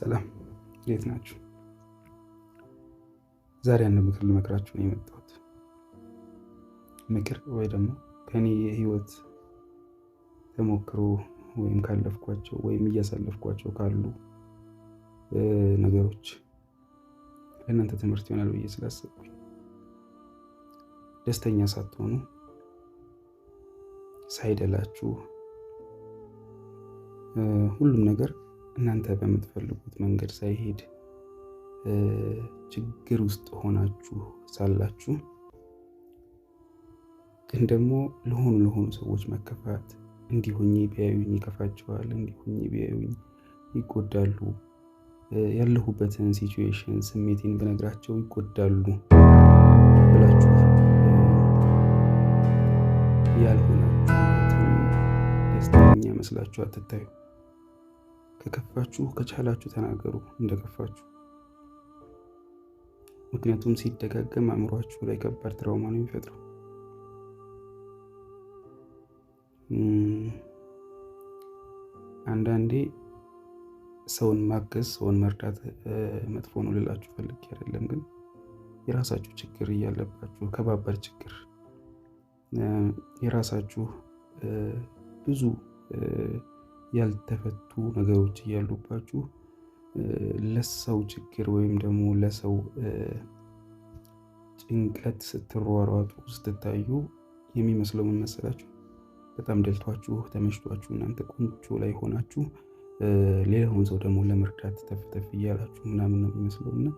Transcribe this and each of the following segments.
ሰላም እንዴት ናችሁ? ዛሬ አንድ ምክር ልመክራችሁ ነው የመጣሁት። ምክር ወይ ደግሞ ከኔ የህይወት ተሞክሮ ወይም ካለፍኳቸው ወይም እያሳለፍኳቸው ካሉ ነገሮች ለእናንተ ትምህርት ይሆናል ብዬ ስላሰብኩኝ ደስተኛ ሳትሆኑ ሳይደላችሁ ሁሉም ነገር እናንተ በምትፈልጉት መንገድ ሳይሄድ ችግር ውስጥ ሆናችሁ ሳላችሁ ግን ደግሞ ለሆኑ ለሆኑ ሰዎች መከፋት እንዲሁኝ ቢያዩኝ ይከፋቸዋል፣ እንዲሁኝ ቢያዩኝ ይጎዳሉ፣ ያለሁበትን ሲቹዌሽን ስሜቴን ብነግራቸው ይጎዳሉ ብላችሁ ያልሆናችሁ ደስተኛ መስላችሁ አትታዩ። ከከፋችሁ ከቻላችሁ ተናገሩ እንደከፋችሁ። ምክንያቱም ሲደጋገም አእምሯችሁ ላይ ከባድ ትራውማ ነው የሚፈጥረው። አንዳንዴ ሰውን ማገዝ ሰውን መርዳት መጥፎ ነው ልላችሁ ፈልጌ አይደለም፣ ግን የራሳችሁ ችግር እያለባችሁ ከባባድ ችግር የራሳችሁ ብዙ ያልተፈቱ ነገሮች እያሉባችሁ ለሰው ችግር ወይም ደግሞ ለሰው ጭንቀት ስትሯሯጡ ስትታዩ የሚመስለው ምን መሰላችሁ? በጣም ደልቷችሁ ተመችቷችሁ እናንተ ቆንጆ ላይ ሆናችሁ ሌላውን ሰው ደግሞ ለመርዳት ተፍተፍ እያላችሁ ምናምን ነው የሚመስለው እና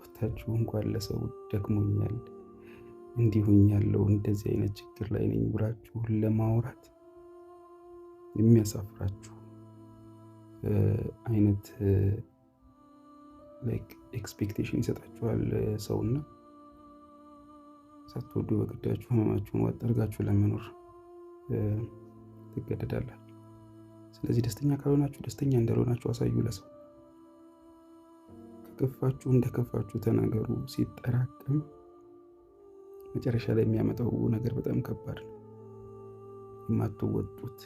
ወታችሁ እንኳን ለሰው ደክሞኛል እንዲሁኛለው እንደዚህ አይነት ችግር ላይ ነኝ ብላችሁ ለማውራት የሚያሳፍራችሁ አይነት ላይክ ኤክስፔክቴሽን ይሰጣችኋል ሰውና ሳትወዱ በግዳችሁ ህመማችሁን ዋጥ አድርጋችሁ ለመኖር ትገደዳላችሁ። ስለዚህ ደስተኛ ካልሆናችሁ ደስተኛ እንዳልሆናችሁ አሳዩ ለሰው። ከከፋችሁ እንደከፋችሁ ተናገሩ። ሲጠራቅም መጨረሻ ላይ የሚያመጣው ነገር በጣም ከባድ ነው። የማትወጡት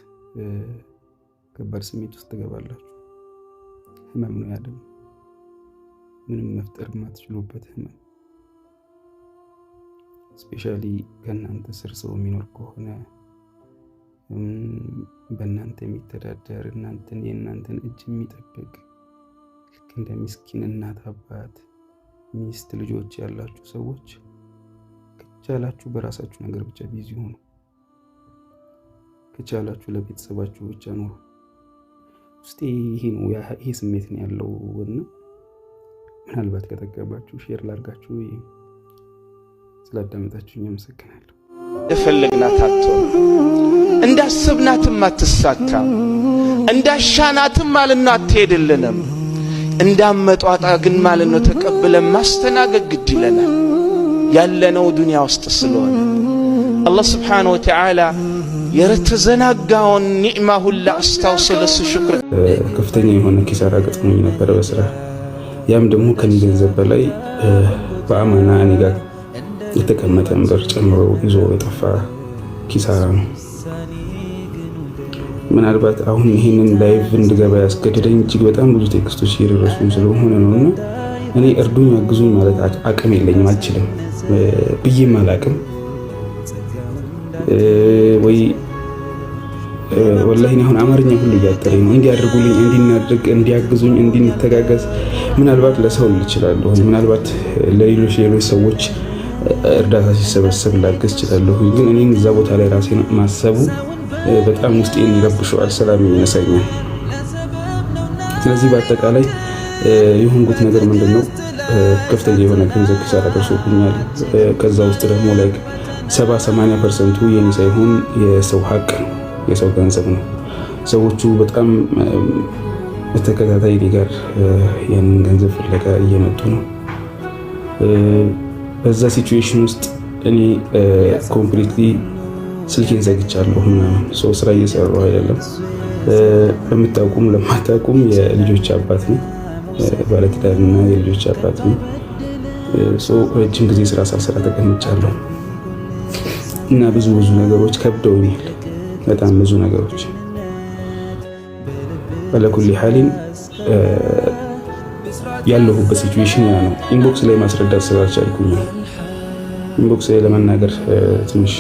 ከባድ ስሜት ውስጥ ትገባላችሁ። ህመም ነው ያለም ምንም መፍጠር የማትችሉበት ህመም። እስፔሻሊ ከእናንተ ስር ሰው የሚኖር ከሆነ በእናንተ የሚተዳደር እናንተን የእናንተን እጅ የሚጠብቅ ልክ እንደ ምስኪን እናት፣ አባት፣ ሚስት፣ ልጆች ያላችሁ ሰዎች ከቻላችሁ በራሳችሁ ነገር ብቻ ቢዚ ሆኑ። ከቻላችሁ ለቤተሰባችሁ ብቻ ነው። ውስጤ ይሄ ነው ይሄ ስሜት ነው ያለው እና ምናልባት ከጠቀማችሁ ሼር ላርጋችሁ። ስላዳመጣችሁኝ አመሰግናለሁ። የፈለግናት አትሆን፣ እንዳስብናትም አትሳካም፣ እንዳሻናትም ማልና አትሄድልንም። እንዳመጧጣ ግን ማለት ነው ተቀብለን ማስተናገድ ግድ ይለናል። ያለነው ዱንያ ውስጥ ስለሆነ አላህ ስብሓነሁ ወተዓላ የተዘናጋውን ኒዕማ ሁላ አስታውስ። ለሱ ሽክር ከፍተኛ የሆነ ኪሳራ ገጥሞኝ ነበረ በስራ ያም ደግሞ ከሚገንዘብ በላይ በአማና እኔ ጋር የተቀመጠን ብር ጨምሮ ይዞ የጠፋ ኪሳራ ነው። ምናልባት አሁን ይህንን ላይቭ እንድገባ ያስገደደኝ እጅግ በጣም ብዙ ቴክስቶች እየደረሱኝ ስለሆነ ነው እና እኔ እርዱኝ፣ አግዙኝ ማለት አቅም የለኝም፣ አልችልም ብዬም አላቅም። ወይ ወላሂ አሁን አማርኛ ሁሉ እያጠረኝ ነው። እንዲያደርጉልኝ፣ እንዲናድርግ፣ እንዲያግዙኝ፣ እንድንተጋገዝ ምናልባት ለሰው ልችላለሁ፣ ምናልባት ለሌሎች ሌሎች ሰዎች እርዳታ ሲሰበሰብ ላገዝ እችላለሁ። ግን እኔን እዛ ቦታ ላይ ራሴን ማሰቡ በጣም ውስጤን ይረብሸዋል፣ ሰላም ይነሳኛል። ስለዚህ በአጠቃላይ የሆንኩት ነገር ምንድን ነው? ከፍተኛ የሆነ ገንዘብ ኪሳራ ደርሶብኛል። ከዛ ውስጥ ደግሞ ላይ ሰባ 80 ፐርሰንቱ የኔ ሳይሆን የሰው ሀቅ ነው፣ የሰው ገንዘብ ነው። ሰዎቹ በጣም በተከታታይ እኔ ጋር ያንን ገንዘብ ፍለጋ እየመጡ ነው። በዛ ሲትዌሽን ውስጥ እኔ ኮምፕሊትሊ ስልኬን ዘግቻለሁ ምናምን ሰው ስራ እየሰሩ አይደለም። ለምታውቁም ለማታውቁም የልጆች አባት ነው፣ ባለትዳርና የልጆች አባት ነው። ረጅም ጊዜ ስራ ሳልሰራ ተቀምጫለሁ። እና ብዙ ብዙ ነገሮች ከብደውኛል። በጣም ብዙ ነገሮች በለኩል ሀሊን ያለሁበት ሲቹዌሽን ያ ነው። ኢንቦክስ ላይ ማስረዳት ስላልቻልኩኝ ኢንቦክስ ላይ ለመናገር ትንሽ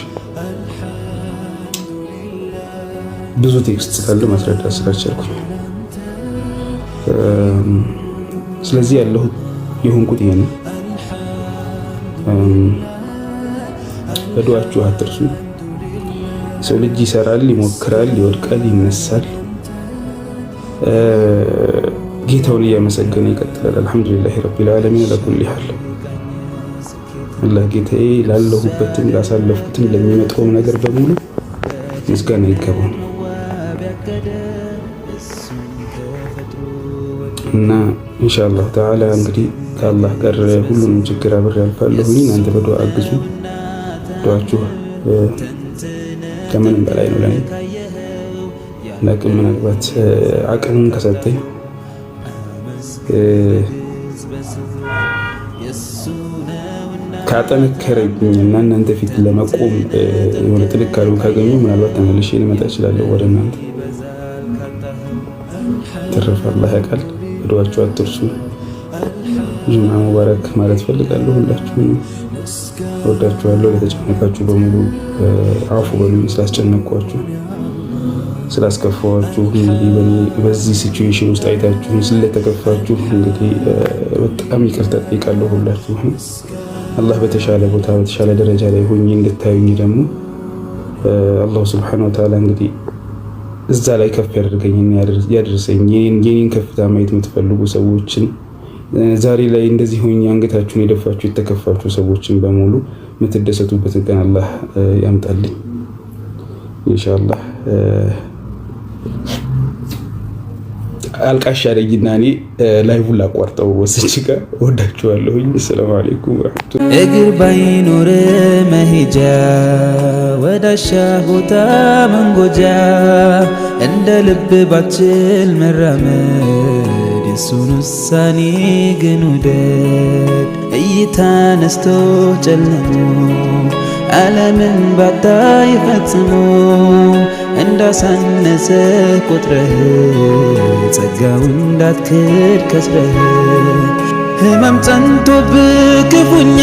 ብዙ ቴክስት ካለ ማስረዳት ስላልቻልኩኝ፣ ስለዚህ ያለሁት የሆንኩት ይሄ ነው። በዱዓችሁ አትርሱ። ሰው ልጅ ይሰራል፣ ይሞክራል፣ ይወድቃል፣ ይነሳል። ጌታውን እያመሰገነ ይቀጥላል። አልሐምዱሊላህ ረቢል ዓለሚን ለኩል ሐል አላህ ጌታዬ ላለሁበትም ላሳለፍኩትም ለሚመጣውም ነገር በሙሉ ምስጋና ይገባል እና ኢንሻአላህ ተዓላ እንግዲህ ከአላህ ጋር ሁሉንም ችግር አብሬ አልፋለሁ። እናንተ በዱዓ አግዙ። መርጧችሁ ከምንም በላይ ነው ለኔ። ለቅም ምናልባት አቅም ከሰጠኝ እና እናንተ ፊት ለመቆም የሆነ ጥንካሬ ካገኙ ምናልባት ተመልሼ ልመጣ እችላለሁ ወደ እናንተ። ትርፍ አላህ ያውቃል። እድዋችሁ አትርሱ። ጁማ ሙባረክ ማለት ፈልጋለሁ ሁላችሁ ወዳችኋለሁ። ለተጨነቃችሁ በሙሉ አፉ በሉኝ፣ ስላስጨነቅኳችሁ፣ ስላስከፋዋችሁ እንግዲህ በዚህ ሲትዌሽን ውስጥ አይታችሁ ስለተከፋችሁ እንግዲህ በጣም ይቅርታ ጠይቃለሁ ሁላችሁ። አላህ በተሻለ ቦታ በተሻለ ደረጃ ላይ ሆኜ እንድታዩኝ ደግሞ አላሁ ስብሐነ ወተዓላ እንግዲህ እዛ ላይ ከፍ ያደርገኝ ያደርሰኝ። የኔን ከፍታ ማየት የምትፈልጉ ሰዎችን ዛሬ ላይ እንደዚህ ሆኝ አንገታችሁን የደፋችሁ የተከፋችሁ ሰዎችን በሙሉ የምትደሰቱበትን ቀን አላህ ያምጣልኝ ኢንሻአላህ። አልቃሽ አደይና እኔ ላይቡ ላቋርጠው ወስች ጋ ወዳችኋለሁኝ። አሰላሙ አለይኩም ረቱ እግር ባይኖር መሄጃ ወዳሻ ቦታ መንጎጃ እንደ ልብ ባችል መራመድ የእሱን ውሳኔ ግን ውደድ። እይታ ነስቶ ጨልሞ ዓለምን ባጣ ይፈጽሞ እንዳሳነሰ ቁጥረህ ጸጋው እንዳትክድ ከስረህ ህመም ጸንቶብ ክፉኛ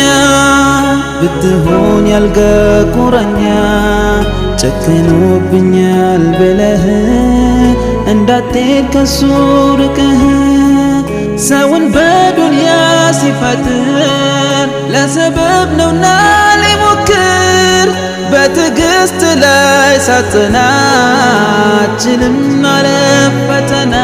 ብትሆን ያልጋ ቁራኛ ጨክኖብኛል ብለህ እንዳትሄድ ከሱ ርቀህ ሰውን በዱንያ ሲፈትን ለሰበብ ነውና ሊሞክር በትዕግሥት ላይ ሳጽና ችልም አለ ፈተና